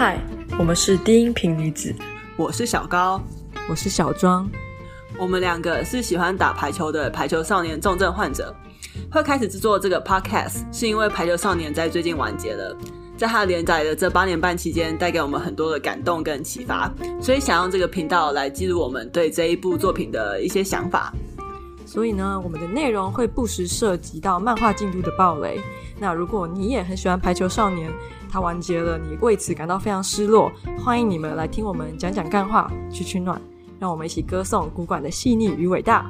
嗨，Hi, 我們是低音頻女子，我是小高，我是小莊，我們兩個是喜歡打排球的排球少年重症患者。會開始制作這個 podcast 是因為《排球少年》在最近完結了，在他連載的這八年半期間，帶給我們很多的感動跟啟發，所以想用這個頻道來記錄我們對這一部作品的一些想法。所以呢，我們的內容會不時涉及到漫畫進度的暴雷。那如果你也很喜歡《排球少年》，它完結了，你為此感到非常失落。歡迎你們來聽我們講講幹話，取取暖，讓我們一起歌頌古館的細膩與偉大。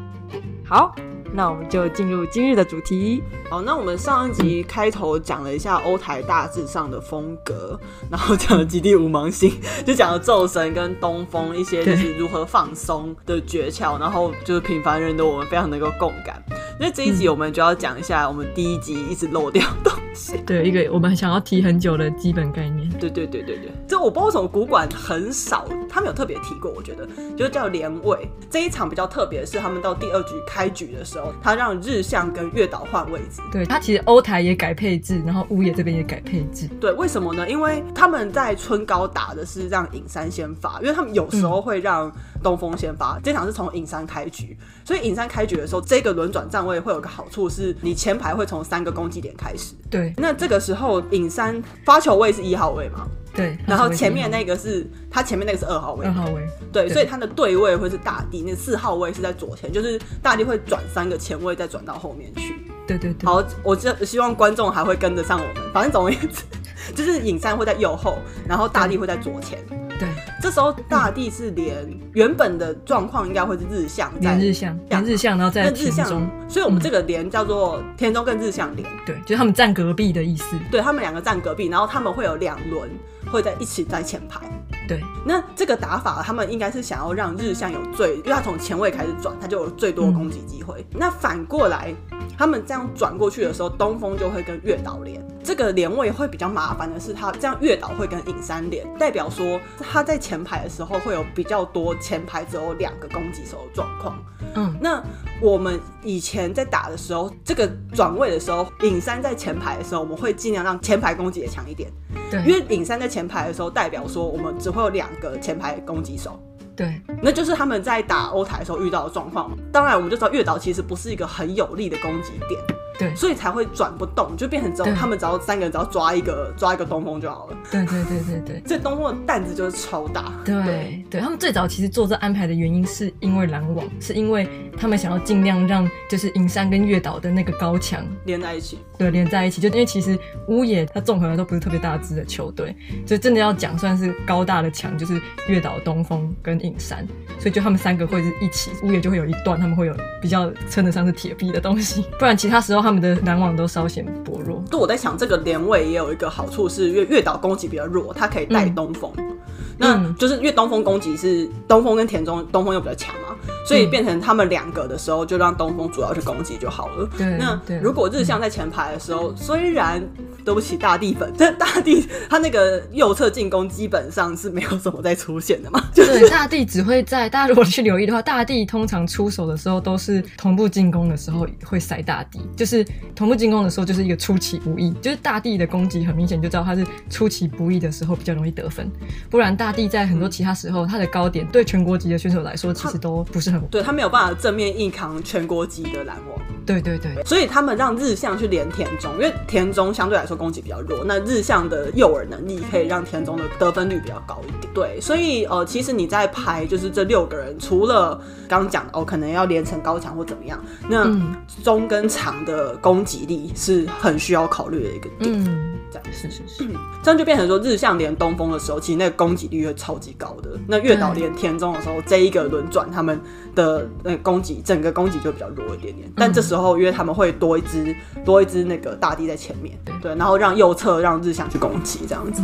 好。那我們就進入今日的主題。好，那我們上一集開頭講了一下歐台大致上的風格，然後講了極地五芒星，就講了宙神跟東風一些就是如何放鬆的訣竅，對然後就是平凡人的我們非常能夠共感。那這一集我們就要講一下我們第一集一直漏掉東西，嗯、對一個我們想要提很久的基本概念。對對對對對，這我不知道為什麼古館很少，他們有特別提過，我覺得就是叫連位。這一場比較特別的是，他們到第二局開局的時候。他讓日向跟月島換位置，對，他其實歐台也改配置，然後烏野這邊也改配置。對，為什麼呢？因為他們在春高打的是讓影山先發，因為他們有時候會讓、嗯。東風先發，這場是從影山開局，所以影山開局的時候，這個輪轉站位會有個好處，是你前排會從三個攻擊點開始。對，那這個時候影山發球位是一號位嘛？對，然後前面那個是他前面那個是二號位。二號位。對，對所以他的對位會是大地，那四號位是在左前，就是大地會轉三個前位，再轉到後面去。對對對。好，我就希望觀眾還會跟得上我們，反正總而言之，就是影山會在右後，然後大地會在左前。對，這時候大地是連原本的狀況應該會是日向在日向連日向，日向然後在中日中，所以我們這個連叫做天中跟日向連。對，就是他們站隔壁的意思。對他們兩個站隔壁，然後他們會有兩輪會在一起在前排。對，那這個打法他們應該是想要讓日向有最，嗯、因為他從前衛開始轉，他就有最多攻擊機會。嗯、那反過來。他們這樣轉過去的時候，東峰就會跟月島連。這個連位會比較麻煩的是，他這樣月島會跟影山連，代表說他在前排的時候會有比較多前排只有兩個攻擊手的狀況。嗯，那我們以前在打的時候，這個轉位的時候，影山在前排的時候，我們會盡量讓前排攻擊也強一點。對，因為影山在前排的時候，代表說我們只會有兩個前排攻擊手。對，那就是他們在打鷗台的時候遇到的狀況嘛。當然，我們就知道月島其實不是一個很有利的攻擊點。對所以才會轉不動，就變成這有對他們只要三個人只要抓一個抓一個東風就好了。對對對對對，這 東風的擔子就是超大。對對，對，對，他們最早其實做這安排的原因是因為攔網，是因為他們想要儘量讓就是影山跟月島的那個高牆連在一起。對，連在一起，就因為其實烏野他綜合的都不是特別大隻的球隊，所以真的要講算是高大的牆就是月島東風跟影山，所以就他們三個會是一起，烏野就會有一段他們會有比較稱得上是鐵壁的東西，不然其他時候他。他們的攔網都稍顯薄弱。就我在想，這個連位也有一個好處是，是因為月島攻擊比較弱，他可以帶東風。嗯、那、嗯、就是因為東風攻擊是東風跟田中，東風又比較強嘛。所以變成他們兩個的時候，就讓東峰主要去攻擊就好了。嗯、那如果日向在前排的時候，雖然、嗯、對不起大地粉，但大地他那個右側進攻基本上是沒有什麼再出現的嘛。就是對大地只會在 大家如果去留意的話，大地通常出手的時候都是同步進攻的時候會塞大地，就是同步進攻的時候就是一個出其不意，就是大地的攻擊很明顯就知道他是出其不意的時候比較容易得分，不然大地在很多其他時候他的高點對全國級的選手來說其實都不是。對，他沒有辦法正面硬扛全國級的攔網。對對對，所以他們讓日向去連田中，因為田中相對來說攻擊比較弱，那日向的誘餌能力可以讓田中的得分率比較高一點。對，所以呃，其實你在排就是這六個人，除了剛講哦，可能要連成高牆或怎麼樣，那中跟長的攻擊力是很需要考慮的一個點。嗯，這樣是是是、嗯，這樣就變成說日向連東峰的時候，其實那個攻擊力會超級高的。那月島連田中的時候，嗯、這一個輪轉他們。的那攻擊，整個攻擊就比較弱一點點。但這時候，因為他們會多一隻，多一隻那個大地在前面，對，然後讓右側讓日向去攻擊這樣子。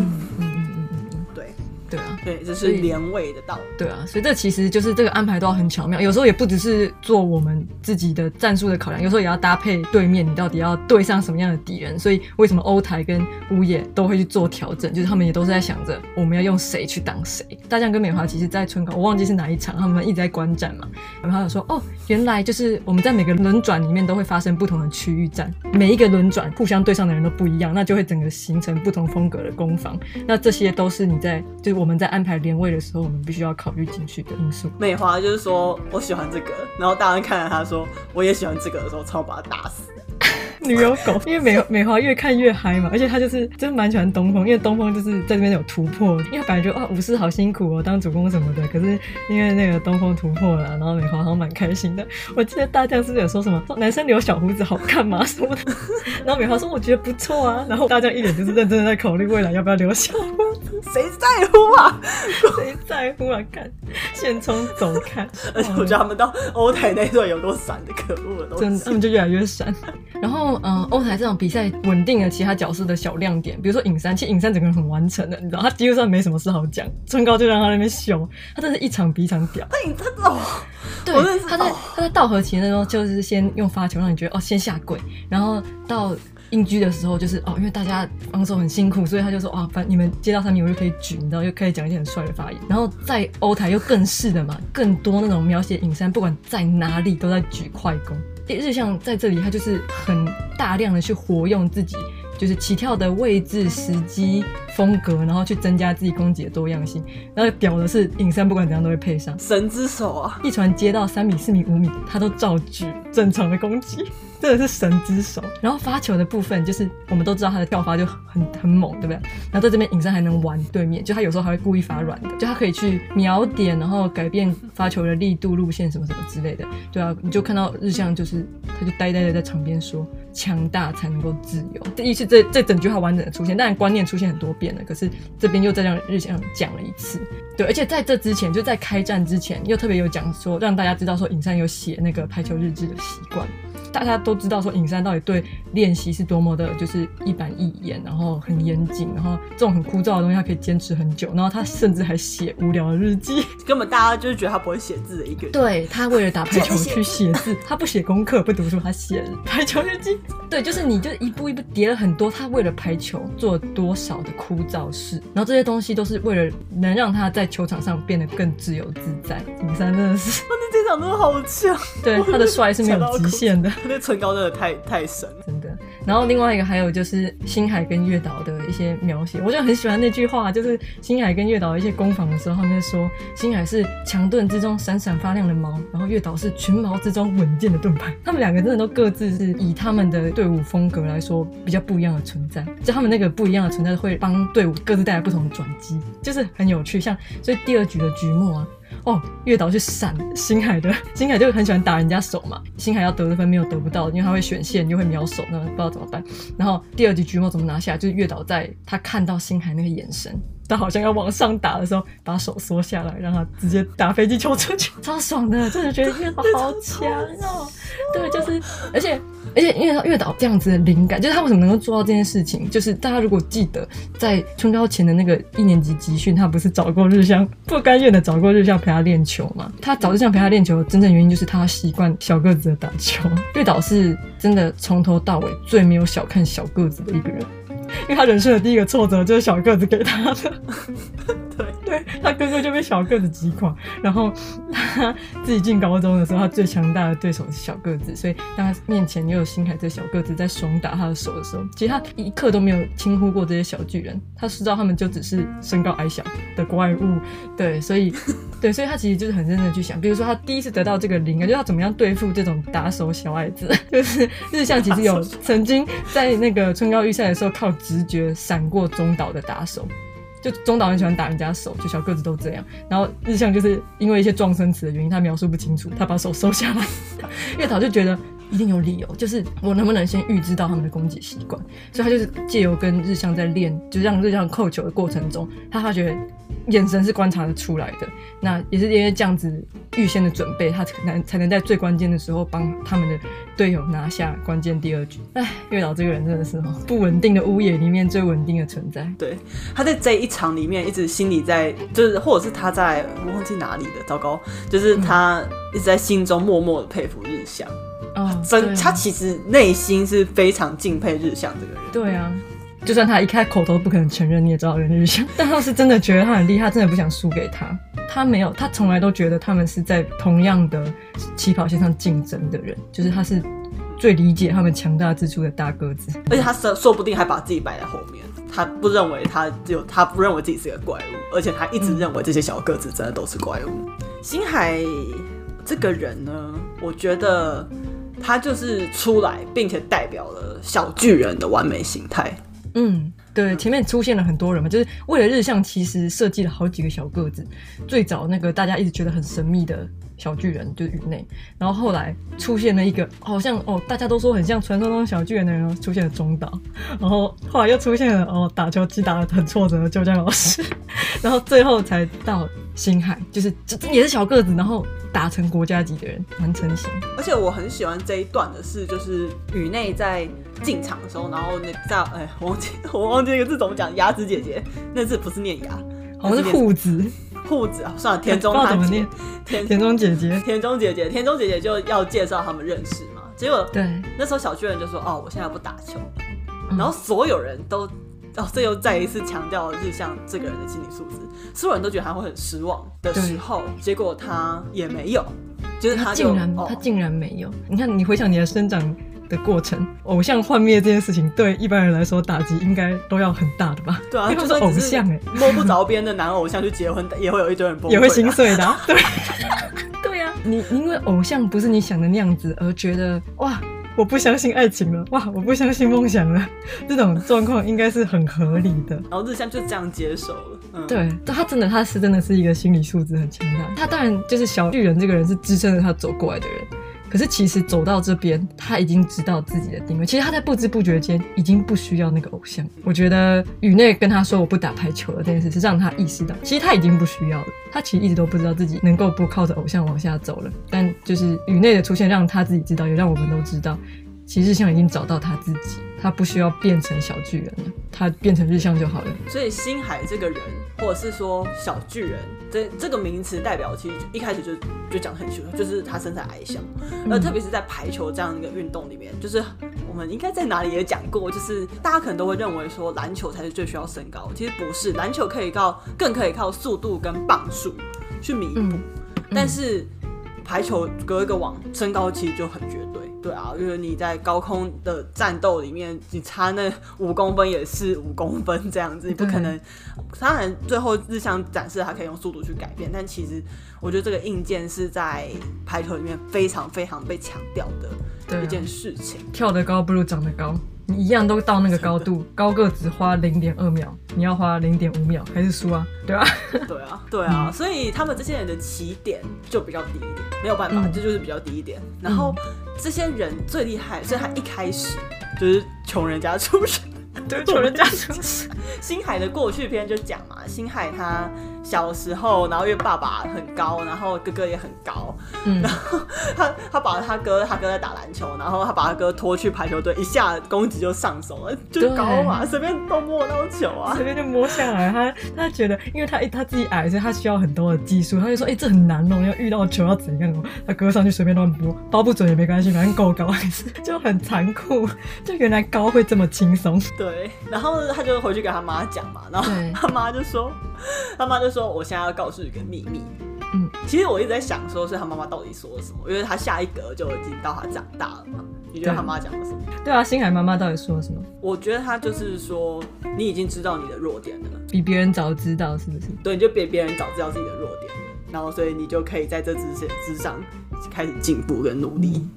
對，這是連位的道理。對啊，所以這其實就是這個安排都要很巧妙。有時候也不只是做我們自己的戰術的考量，有時候也要搭配對面，你到底要對上什麼樣的敵人。所以為什麼鷗台跟烏野都會去做調整，就是他們也都是在想着我們要用誰去擋誰。大將跟美華其實，在春高，我忘記是哪一場，他們一直在觀戰嘛。然後他就說：“哦，原來就是我們在每個輪轉裡面都會發生不同的區域戰，每一個輪轉互相對上的人都不一樣，那就會整個形成不同風格的攻防。那這些都是你在，就是我們在。”安排聯位的時候，我們必須要考慮進去的因素。美華就是說我喜歡這個，然後大人看着他說我也喜歡這個的時候，超把他打死。女友狗，因為美美華越看越嗨嘛，而且她就是真蠻喜歡東風，因為東風就是在這邊有突破，因為本來覺得啊武士好辛苦哦，當主公什麼的，可是因為那個東風突破了啊，然後美華好像蠻開心的。我記得大將是不是有說什麼說男生留小鬍子好看嗎？什麼的，然後美華說我覺得不錯啊，然後大將一臉就是認真在考慮未來要不要留小鬍子，誰在乎啊？誰在乎啊？看，現充走看。而且我覺得他們到鷗台那段有多閃的，可的，可惡了，真的，他們就越來越閃，然後。嗯，歐台這種比賽，穩定了其他角色的小亮點，比如說影山，其實影山整個人很完成的，你知道，他基本上沒什麼事好講，春高就讓他那邊凶，他真的是一場比一場屌。那影山這種，對，他在他在稻荷崎的時候，就是先用發球讓你覺得哦，先下跪，然後到音駒的時候就是哦，因為大家防守、so、很辛苦，所以他就說啊，哦、反正你們接到上面我就可以舉，你知道，又可以講一些很帥的發言。然後在歐台又更是的嘛，更多那種描寫影山，不管在哪裡都在舉快攻。日向在這裡，他就是很大量的去活用自己，就是起跳的位置、時機、風格，然後去增加自己攻擊的多樣性。然後屌的是，影山不管怎樣都會配上神之手啊，一傳接到三米、四米、五米，他都照舉正常的攻擊。真的是神之手。然後發球的部分，就是我們都知道他的跳發就很很猛，對不對？然後在這邊，影山還能玩對面，就他有時候還會故意發軟的，就他可以去瞄點，然後改變發球的力度、路線什麼什麼之類的，對啊。你就看到日向，就是他就呆呆的在場邊說：“強大才能夠自由。”這意思，這第一次這這整句話完整的出現，但是觀念出現很多遍了，可是這邊又再讓日向講了一次，對。而且在這之前，就在開戰之前，又特別有講說讓大家知道說影山有寫那個排球日志的習慣。大家都知道說，影山到底對練習是多麼的，就是一板一眼，然後很嚴謹，然後這種很枯燥的東西他可以堅持很久，然後他甚至還寫無聊的日記，根本大家就是覺得他不會寫字的一個人。對，他為了打排球去寫字，的他不寫功課，不讀書，他寫 排球日記。對，就是你就是一步一步疊了很多，他為了排球做了多少的枯燥事，然後這些東西都是為了能讓他在球場上變得更自由自在。影山真的是，哇、啊，這場長真的好強。對，他的帥是沒有極限的。那唇膏真的太太神了，真的。然後另外一個還有就是星海跟月島的一些描寫，我就很喜歡那句話，就是星海跟月島的一些攻防的時候，他們就說星海是強盾之中閃閃發亮的矛，然後月島是群矛之中穩健的盾牌。他們兩個真的都各自是以他們的隊伍風格來說比較不一樣的存在，就他們那個不一樣的存在會幫隊伍各自帶來不同的轉機，就是很有趣。像所以第二局的局末。啊。哦，月島去閃星海的，星海就很喜歡打人家手嘛。星海要得的分，沒有得不到，因為他會選線，又會瞄手，那不知道怎麼辦。然後第二集橘貓怎麼拿下來，就是月島在他看到星海那個眼神。他好像要往上打的時候，把手縮下來，讓他直接打飛機球出去，超爽的！ 真的覺得月島好強哦、喔。對，就是，而且，而且因為他月島這樣子的靈感，就是他為什麼能夠做到這件事情，就是大家如果記得在春高前的那個一年級集訓，他不是找過日向，不甘願的找過日向陪他練球嘛？他找日向陪他練球，真正原因就是他習慣小個子的打球。 月島是真的從頭到尾最沒有小看小個子的一個人。因為他人生的第一個挫折就是小個子給他的。 對，他哥哥就被小個子擊垮，然後他自己進高中的時候，他最強大的對手是小個子，所以他面前又有星海這小個子在雙打他的手的時候，其實他一刻都沒有輕忽過這些小巨人，他知道他們就只是身高矮小的怪物，對，所以，對，所以他其實就是很認真去想，比如說他第一次得到這個靈啊，就要、是、怎麼樣對付這種打手小矮子，就是日向其實有曾經在那個春高預賽的時候靠直覺閃過中島的打手。就中島很喜歡打人家手，就小個子都這樣。然後日向就是因為一些狀聲詞的原因，他描述不清楚，他把手收下來，月 島就覺得。一定有理由，就是我能不能先預知到他們的攻擊習慣，所以他就是借由跟日向在練，就是讓日向扣球的過程中，他發覺眼神是觀察的出來的。那也是因為這樣子預先的準備，他才能才能在最關鍵的時候幫他們的隊友拿下關鍵第二局。哎，月島這個人真的是不穩定的烏野裡面最穩定的存在。對，他在這一場裡面一直心裡在，就是或者是他在我忘記哪裡的，糟糕，就是他一直在心中默默的佩服日向。Oh，真，啊、他其實內心是非常敬佩日向這個人。對啊，就算他一開口都不可能承認，你也知道人日向。但他是真的覺得他很厲害，真的不想輸給他。他沒有，他從來都覺得他們是在同樣的起跑線上競爭的人。就是他是最理解他們強大之處的大個子，而且他說說不定還把自己擺在後面。他不認為他有，他不認為自己是個怪物，而且他一直認為這些小個子真的都是怪物。嗯、星海這個人呢，我覺得。他就是出來，並且代表了小巨人的完美形態。嗯，對，前面出現了很多人嘛，就是為了日向，其實設計了好幾個小個子。最早那個大家一直覺得很神秘的。小巨人就是宇內，然後後來出現了一個好像哦，大家都說很像傳說中小巨人的人，出現了中島，然後後來又出現了哦，打球其實打得很挫折的鷲匠老師，啊、然後最後才到星海，就是就也是小個子，然後打成國家級的人，很成型。而且我很喜歡這一段的是，就是宇內在進場的時候，然後那叫哎，我忘記我忘記一個字怎麼講，牙齒姐姐那字不是念牙，念好像是褲子。褲子啊，算了，田中大姐，念田田中姐姐，田中姐姐，田中姐姐就要介紹他們認識嘛。結果，對，那時候小巨人就說：“哦，我現在不打球了。嗯”然後所有人都，哦，這又再一次強調了日向這個人的心理素質。所有人都覺得他會很失望的時候，對結果他也沒有，就是他，就他竟然，哦，他竟然沒有。你看，你回想你的生長。的過程，偶像幻滅這件事情對一般人來說打擊應該都要很大的吧？對啊，他就算是偶像誒、欸，摸不着邊的男偶像去結婚， 也會有一堆人崩潰，也會心碎的、啊。對， 對呀、啊，你因為偶像不是你想的那樣子而覺得哇，我不相信愛情了，哇，我不相信夢想了，這種狀況應該是很合理的。 然後日向就這樣接受了，嗯、對，他真的他是真的是一個心理素質很強大，他當然就是小巨人這個人是支撐着他走過來的人。可是其實走到這邊，他已經知道自己的定位。其實他在不知不覺間已經不需要那個偶像。我覺得宇內跟他說我不打排球了這件事，是讓他意識到，其實他已經不需要了。他其實一直都不知道自己能夠不靠着偶像往下走了。但就是宇內的出現，讓他自己知道，也讓我們都知道。其實日向已經找到他自己，他不需要變成小巨人了，他變成日向就好了。所以星海這個人，或者是說小巨人這這個名詞代表，其實一開始就就講很清楚，就是他身材矮小。嗯、而特別是在排球這樣一個運動裡面，就是我們應該在哪裡也講過，就是大家可能都會認為說籃球才是最需要身高，其實不是，籃球可以靠更可以靠速度跟磅數去彌補，嗯、但是排球隔一個網，身高其實就很絕對。對啊，因為你在高空的戰鬥裡面，你差那五公分也是五公分這樣子，你對不可能，當然，最後日向展示還可以用速度去改變，但其實我覺得這個硬件是在排球裡面非常非常被強調的一件事情，對啊。跳得高不如長得高。你一樣都到那個高度，的高個只花零點二秒，你要花零點五秒，還是輸啊？對吧？對啊，對啊，對啊、嗯，所以他們這些人的起點就比較低一點，沒有辦法，這、嗯、就，就是比較低一點。然後、嗯、這些人最厲害，所以他一開始、嗯、就是窮人家出身，對，窮人家出身。星 海的過去篇就講嘛，星海他。小時候，然後因為爸爸很高，然後哥哥也很高，嗯、然後他他把他哥，他哥在打籃球，然後他把他哥拖去排球隊，一下攻擊就上手了，就高嘛，隨對便都摸到球啊，隨便就摸下來。他他覺得，因為他他自己矮，所以他需要很多的技術。他就說，哎、欸，這很難哦、喔，要遇到我球要怎樣弄、喔、他哥上去隨便亂撥，包不準也沒關係，反正夠高還是， 就很殘酷。就原來高會這麼輕鬆。對，然後他就回去給他媽講嘛，然後他媽就說。 他媽就說：“我現在要告訴你個秘密。嗯，其實我一直在想，說是他媽媽到底說了什麼？因為他下一格就已經到他長大了嘛。你覺得他媽講了什麼？對,對啊，星海媽媽到底說了什麼？我覺得他就是說，嗯、你已經知道你的弱點了，比別人早知道，是不是？對，你就比別人早知道自己的弱點了，然後所以你就可以在這之前之上開始進步跟努力。”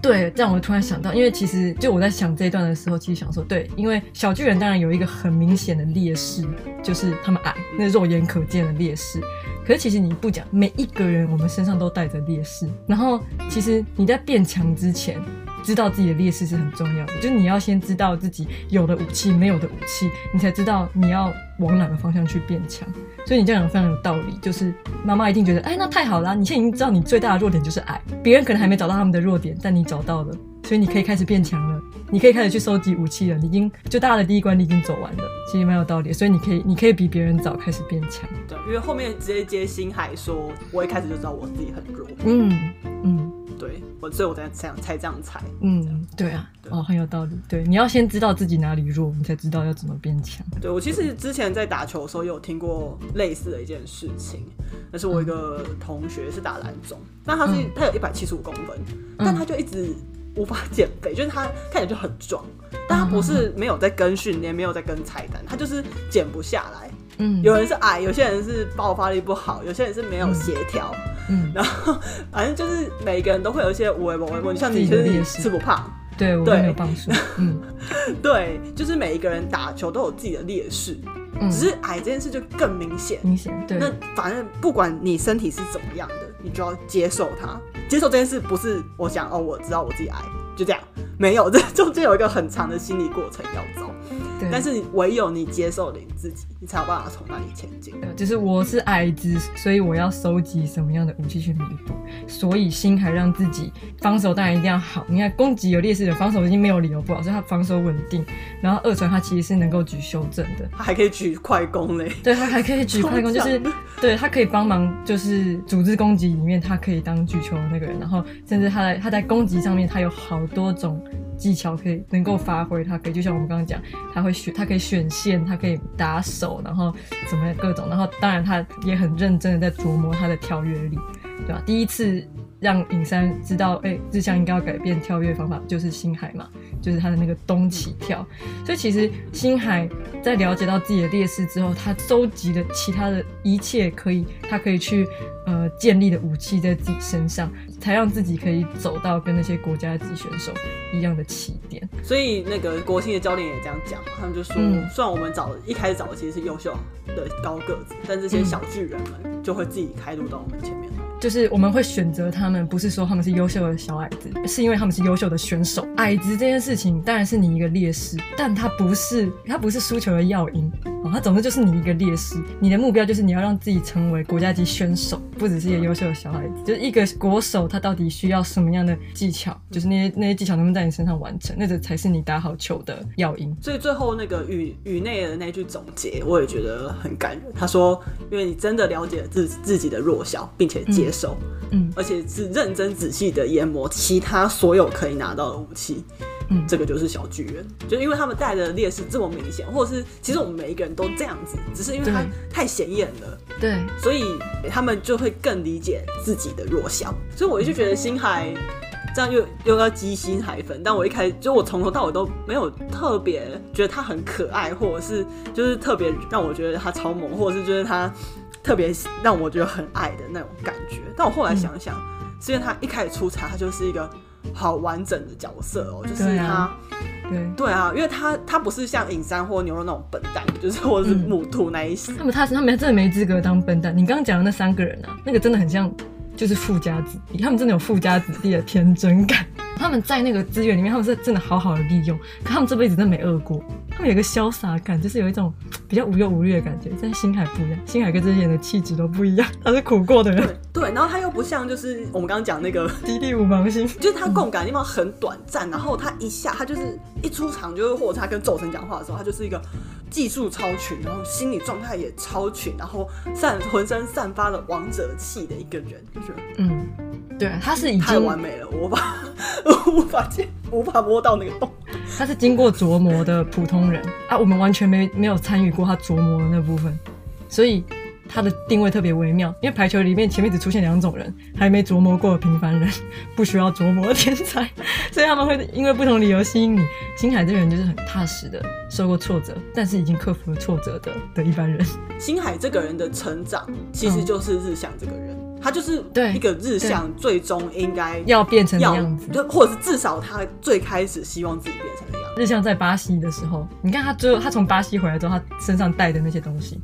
對，這樣我突然想到，因為其實就我在想這一段的時候，其實想說，對，因為小巨人當然有一個很明顯的劣勢，就是他們矮，那肉眼可見的劣勢。可是其實你不講，每一個人我們身上都帶着劣勢。然後其實你在變強之前。知道自己的劣勢是很重要的，就是你要先知道自己有的武器、沒有的武器，你才知道你要往哪個方向去變強。所以你這樣講非常有道理。就是媽媽一定覺得，哎，那太好了！你現在已經知道你最大的弱點就是矮，別人可能還沒找到他們的弱點，但你找到了，所以你可以開始變強了，你可以開始去收集武器了。你已經就大家的第一關你已經走完了，其實蠻有道理。所以你可以，你可以比別人早開始變強。對，因為後面直接接星海說，我一開始就知道我自己很弱。嗯嗯。嗯我所以我在樣猜這樣猜，嗯，樣對啊，對哦，很有道理，對，你要先知道自己哪裡弱，你才知道要怎麼變強。對我其實之前在打球的時候也有聽過類似的一件事情，那是我一個同學是打籃中，嗯、但他是、嗯、他有一百七十五公分，嗯、但他就一直無法減肥，就是他看起來就很壯，但他不是沒有在跟訓練，沒有在跟菜單，他就是減不下來。嗯，有人是矮，有些人是爆發力不好，有些人是沒有協調。嗯嗯，然後反正就是每一個人都會有一些無微某某，像你就是你吃不胖，對，對，對我沒有幫助。嗯、 對，就是每一個人打球都有自己的劣勢，嗯、只是矮這件事就更明顯。明顯，對，那反正不管你身體是怎麼樣的，你就要接受它，接受這件事不是我想哦，我知道我自己矮，就這樣，沒有，這中間有一個很長的心理過程要走。但是唯有你接受你自己，你才有辦法從那裡前進、呃。就是我是矮子，所以我要收集什麼樣的武器去彌補？所以星海讓自己防守當然一定要好。你看攻擊有劣勢的，防守已經沒有理由不好，所以他防守穩定。然後二傳他其實是能夠舉修正的，他還可以舉快攻嘞。對，他還可以舉快攻，長就是對，他可以幫忙，就是組織攻擊裡面，他可以當舉球的那個人。然後甚至他在他在攻擊上面，他有好多種。技巧可以能夠發揮，它可以就像我們剛剛講，他會選，它可以選線，它可以打手，然後怎麼樣各種，然後當然他也很認真的在琢磨他的跳躍力，對吧？第一次讓影山知道，哎、欸，日向應該要改變跳躍方法，就是星海嘛，就是他的那個東起跳。所以其實星海在了解到自己的劣勢之後，他收集了其他的一切可以，他可以去呃建立的武器在自己身上。才讓自己可以走到跟那些國家級選手一樣的起點，所以那個國青的教練也這樣講，他們就說，嗯、雖然我們找一開始找的其實是優秀的高個子，但這些小巨人們就會自己開路到我們前面。嗯、就是我們會選擇他們，不是說他們是優秀的小矮子，是因為他們是優秀的選手。矮子這件事情當然是你一個劣勢，但它不是，它不是輸球的要因。哦，他總之就是你一個劣勢，你的目標就是你要讓自己成為國家級選手，不只是一個優秀的小孩子，就是一個國手。他到底需要什麼樣的技巧？就是那些那些技巧能不能在你身上完成？那個才是你打好球的要因。所以最後那個羽羽內的那句總結，我也覺得很感人。他說：“因為你真的了解了自自己的弱小，並且接受，嗯，嗯而且是認真仔細的研磨其他所有可以拿到的武器。”嗯，這個就是小巨人，就是因為他們帶的劣勢這麼明顯，或者是其實我們每一個人都這樣子，只是因為他太顯眼了，對，對所以他們就會更理解自己的弱小。所以我就覺得星海這樣又又要激星海粉，但我一開始就我從頭到尾都沒有特別覺得他很可愛，或者是就是特別讓我覺得他超萌，或者是覺得他特別讓我覺得很愛的那種感覺。但我後來想想，嗯、是因為他一開始出場，他就是一個。好完整的角色哦，就是他，對啊，對，對啊，因為他他不是像影山或牛肉那種笨蛋，就是或者是木兔那一些。嗯、他們他是他們真的沒資格當笨蛋。你剛剛講的那三個人啊，那個真的很像，就是富家子弟，他們真的有富家子弟的天真感。他們在那個資源裡面，他們是真的好好的利用，可他們這輩子真的沒餓過。他們有一個瀟灑感，就是有一種比較無憂無慮的感覺。但星海不一樣，星海跟這些人的氣質都不一樣，他是苦過的人。對，然後他又不像就是我們剛剛講那個迪力五芒星， 就是他共感的地方很短暫， 然後他一下他就是一出場，就是或者是他跟宙神講話的時候，他就是一個技術超群，然後心理狀態也超群，然後散渾身散發了王者氣的一個人，就是嗯，對啊，他是已經太完美了，我無法無法接，無法摸到那個洞，他是經過琢磨的普通人 啊，我們完全沒沒有參與過他琢磨的那部分，所以。他的定位特別微妙，因為排球裡面前面只出現兩種人，還沒琢磨過的平凡人，不需要琢磨的天才，所以他們會因為不同理由吸引你。星海這個人就是很踏實的，受過挫折，但是已經克服了挫折的的一般人。星海這個人的成長，其實就是日向這個人，嗯、他就是對、一個日向最，最終應該要變成的樣子，或者是至少他最開始希望自己變成的樣子。日向在巴西的時候，你看他最後，他從巴西回來之後，他身上帶的那些東西。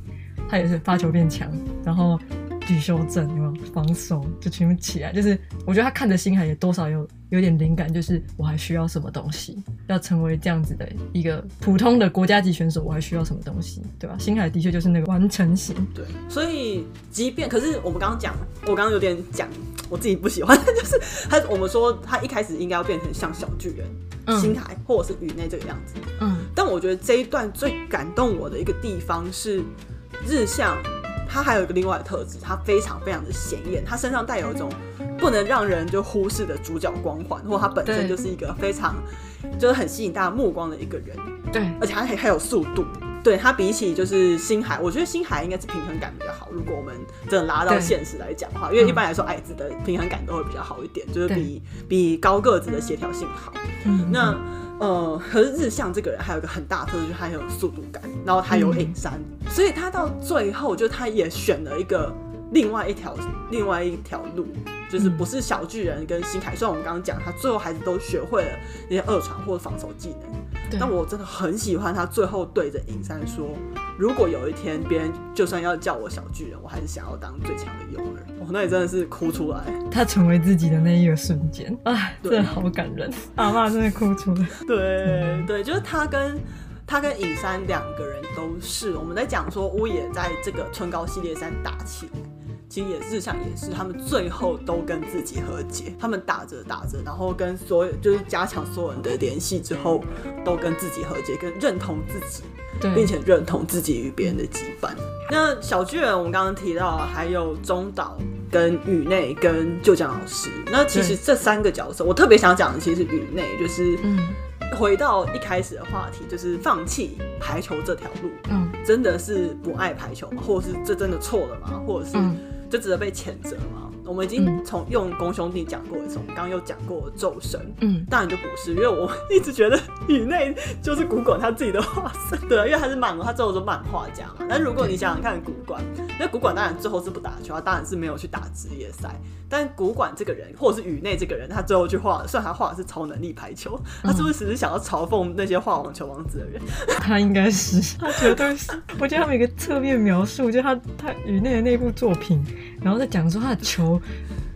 他也是發球變強，然後舉修正，有沒有防守就全部起來。就是我覺得他看着星海也多少有有點靈感，就是我還需要什麼東西，要成為這樣子的一個普通的國家級選手，我還需要什麼東西，對吧？星海的確就是那個完成型。對，所以即便可是我們剛剛講，我剛剛有點講我自己不喜歡， 就是他我們說他一開始應該要變成像小巨人、嗯、星海或者是羽內這個樣子。嗯，但我覺得這一段最感動我的一個地方是。日向，他還有一個另外的特質他非常非常的顯眼，他身上帶有一種不能讓人就忽視的主角光環，或者他本身就是一個非常對就是很吸引大家目光的一個人。對，而且他還還有速度。對，他比起就是星海，我覺得星海應該是平衡感比較好。如果我們真的拉到現實來講的話，對因為一般來說矮子的平衡感都會比較好一點，就是比對比高個子的協調性好。嗯嗯嗯、那。呃，可是、嗯、日向這個人還有一個很大的特質，就是他很有速度感，然後他有影山、嗯，所以他到最後就他也選了一個另外一條另外一條路，就是不是小巨人跟星海。雖然我們剛剛講他最後還是都學會了那些二傳或者防守技能。對但我真的很喜歡他最後對着影山說：“如果有一天別人就算要叫我小巨人，我還是想要當最強的誘餌。哦”我那也真的是哭出來，他成為自己的那一個瞬間，哎、啊，對真的好感人。阿、啊、媽，媽真的哭出來，對、嗯、對，就是他跟他跟影山兩個人都是我們在講說烏野在這個春高系列上打情。也是日常也是，他們最後都跟自己和解。他們打着打着，然後跟所有就是加強所有人的聯繫之後，都跟自己和解，跟認同自己，並且認同自己與別人的羈絆。對那小巨人，我們剛剛提到還有中島、跟宇內、跟舊江老師。那其實這三個角色，對我特別想講的其實宇內，就是、嗯、回到一開始的話題，就是放棄排球這條路，嗯，真的是不愛排球嗎？或者是這真的錯了嗎？或者是、嗯？就值得被譴責嗎？我們已經從用公兄弟講過，從剛剛又講過咒神，嗯，當然就不是，因為我一直覺得宇內就是古館他自己的畫風，對，因為他是漫，他最後是漫畫家嘛。但如果你想想看，古館，那古館當然最後是不打球，他當然是沒有去打職業賽。但古館這個人，或者是宇內這個人，他最後去畫，雖然他畫的是超能力排球，他是不是只是想要嘲諷那些畫網球王子的人？嗯、 他應該是，他絕對是。我覺得他們一個側面描述，就他他宇內那部作品。然後再講說他的球，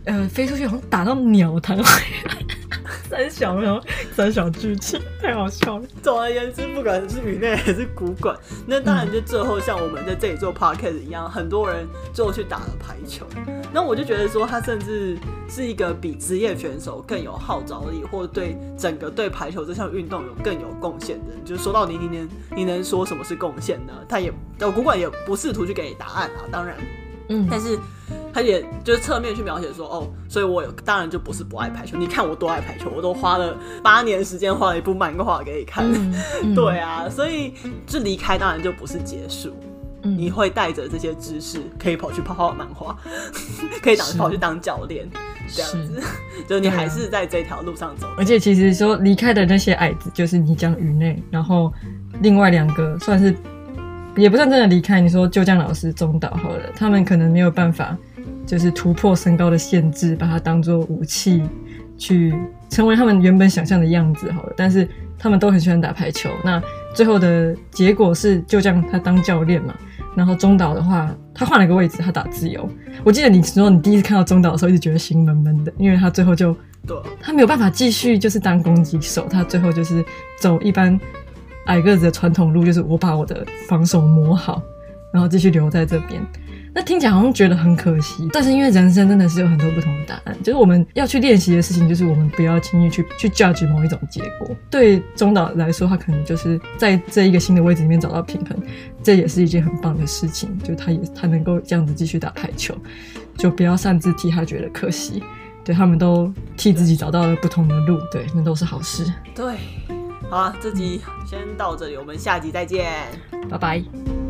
呃，飛出去好像打到鳥彈回來， 三小沒有三小劇情太好笑了。總而言之，不管是羽內還是古館，那當然就最後像我們在這裡做 podcast 一樣，嗯、很多人最後去打了排球。那我就覺得說他甚至是一個比職業選手更有號召力，或者對整個對排球這項運動有更有貢獻的人。就說到你，你能，能你能說什麼是貢獻呢？他也，古館也不試圖去給你答案啊，當然。嗯，但是他也就是側面去描寫說，哦，所以我當然就不是不愛排球。你看我多愛排球，我都花了八年時間畫了一部漫畫給你看。嗯嗯、 對啊，所以就離開當然就不是結束，嗯、你會帶着這些知識可以跑去畫畫漫畫，可以跑去泡泡當教練，這樣子，是 就是你還是在這條路上走、啊。而且其實說離開的那些矮子，就是你將魚內，然後另外兩個算是。也不算真的離開。你說舊將老師中島好了，他們可能沒有辦法，就是突破身高的限制，把它當做武器，去成為他們原本想象的樣子好了。但是他們都很喜歡打排球。那最後的結果是，舊將他當教練嘛。然後中島的話，他換了個位置，他打自由。我記得你說你第一次看到中島的時候，一直覺得心悶悶的，因為他最後就，他沒有辦法繼續就是當攻擊手，他最後就是走一般矮個子的傳統路就是我把我的防守磨好，然後繼續留在這邊。那聽起來好像覺得很可惜，但是因為人生真的是有很多不同的答案。就是我們要去練習的事情，就是我們不要輕易去去 judge 某一種結果。對中島來說，他可能就是在這一個新的位置裡面找到平衡，這也是一件很棒的事情。就他也他能夠這樣子繼續打排球，就不要擅自替他覺得可惜。對，他們都替自己找到了不同的路，對，那都是好事。對。好，這集先到這裡，我們下集再見，拜拜。